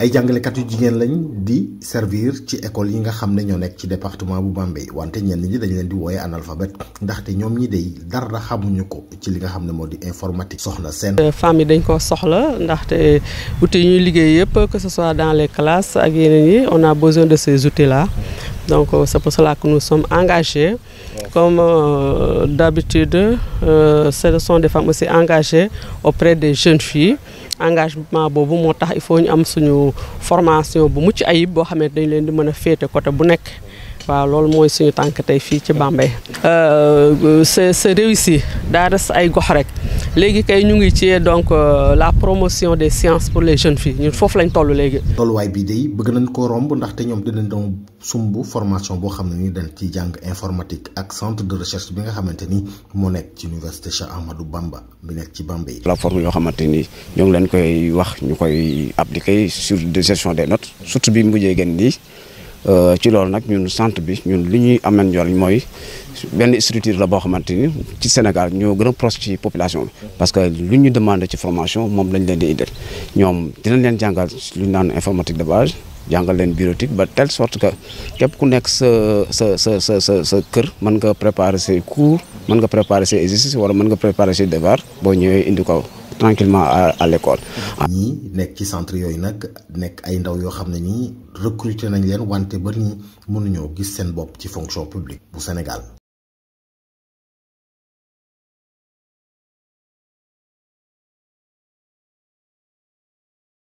ay jàngalekat yu jigéen lañ di servir ci école yi nga xam ne ñoo nekk ci département bu Bambey wante ñenn ñi dañ leen di wooye analphabète ndaxte ñoom ñi dey dara xamuñu ko ci li nga xam ne moo di informatique soxna seen euh, femmes yi dañ ko soxla ndaxte outils ñuy liggéey yëpp que ce soit dans les classes ak yeneen yi on a besoin de ces outils la Donc euh, c'est pour cela que nous sommes engagés. Comme euh, d'habitude, euh, ce sont des femmes aussi engagées auprès des jeunes filles. engagement boobu moo tax il faut ñu am suñu formation bu mucc ayib boo xam ne dañ leen di mën a féete côté bu nekk waaw loolu mooy suñu tànk tey fii ci Bambey. Euh, c'est c'est réussi daa des ay gox rek. léegi kay ñu ngi ci donc euh, la promotion des sciences pour les jeunes fi ñun foofu lañ toll léegi. tolluwaay bii day bëgg nañ ko romb ndaxte ñoom dinañ doon sumb formation boo xam ne ni dañ ci jàng informatique ak centre de recherche bi nga xamante ni moo nekk ci université Cheikh Ahmadou Bamba bi nekk ci Bambey. plateforme yoo xamante ni ñoo ngi leen koy wax ñu koy appliquer sur de gestion des not surtout bi mujjee gen nii. Euh, ci loolu nag ñun centre bi ñun li ñuy amen njëriñ mooy benn structure la boo xamante ni ci Sénégal ñoo gën a proche ci population bi parce que lu ñu demandé ci formation moom lañu leen di indil ñoom dinañ leen jàngal lu ñu naan informatique de base jàngal leen bureautique ba telle sorte que képp ku nekk sa sa sa sa sa sa kër mën nga préparer say cours mën nga préparer say exercices wala mën nga préparer say devoir boo ñëwee indi ko tranquillement à à l'école ah. ñii nekk ci centre yooyu nag nekk ay ndaw yoo xam ne nii recruter nañ leen wante ba nii mënuñoo gis seen bopp ci fonction publique bu Sénégal